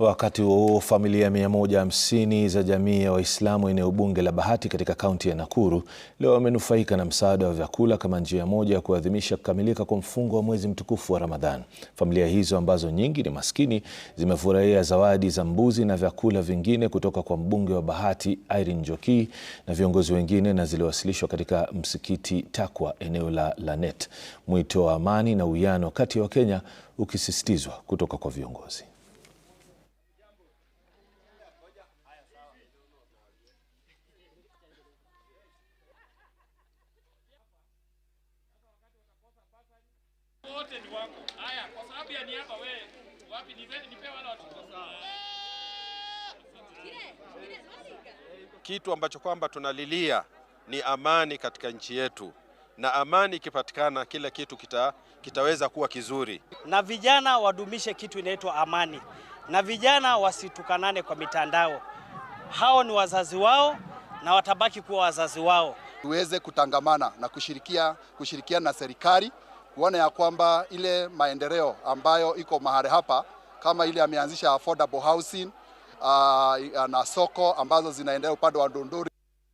Wakati huo huo, familia 150 za jamii ya Waislamu eneo bunge la Bahati katika kaunti ya Nakuru leo wamenufaika na msaada wa vyakula kama njia moja ya kuadhimisha kukamilika kwa mfungo wa mwezi mtukufu wa Ramadhan. Familia hizo ambazo nyingi ni maskini zimefurahia zawadi za mbuzi na vyakula vingine kutoka kwa mbunge wa Bahati Irene Njoki na viongozi wengine na ziliwasilishwa katika msikiti Takwa eneo la Lanet. Mwito wa amani na uwiano kati ya Wakenya ukisisitizwa kutoka kwa viongozi. wote ni Haya, kwa sababu ya niaba wapi nipe watoto Kitu ambacho kwamba tunalilia ni amani katika nchi yetu, na amani ikipatikana kila kitu kita, kitaweza kuwa kizuri, na vijana wadumishe kitu inaitwa amani, na vijana wasitukanane kwa mitandao. Hao ni wazazi wao na watabaki kuwa wazazi wao. Tuweze kutangamana na kushirikia kushirikiana na serikali kuona ya kwamba ile maendeleo ambayo iko mahali hapa kama ile ameanzisha affordable housing uh, na soko ambazo zinaendelea upande wa Ndunduri.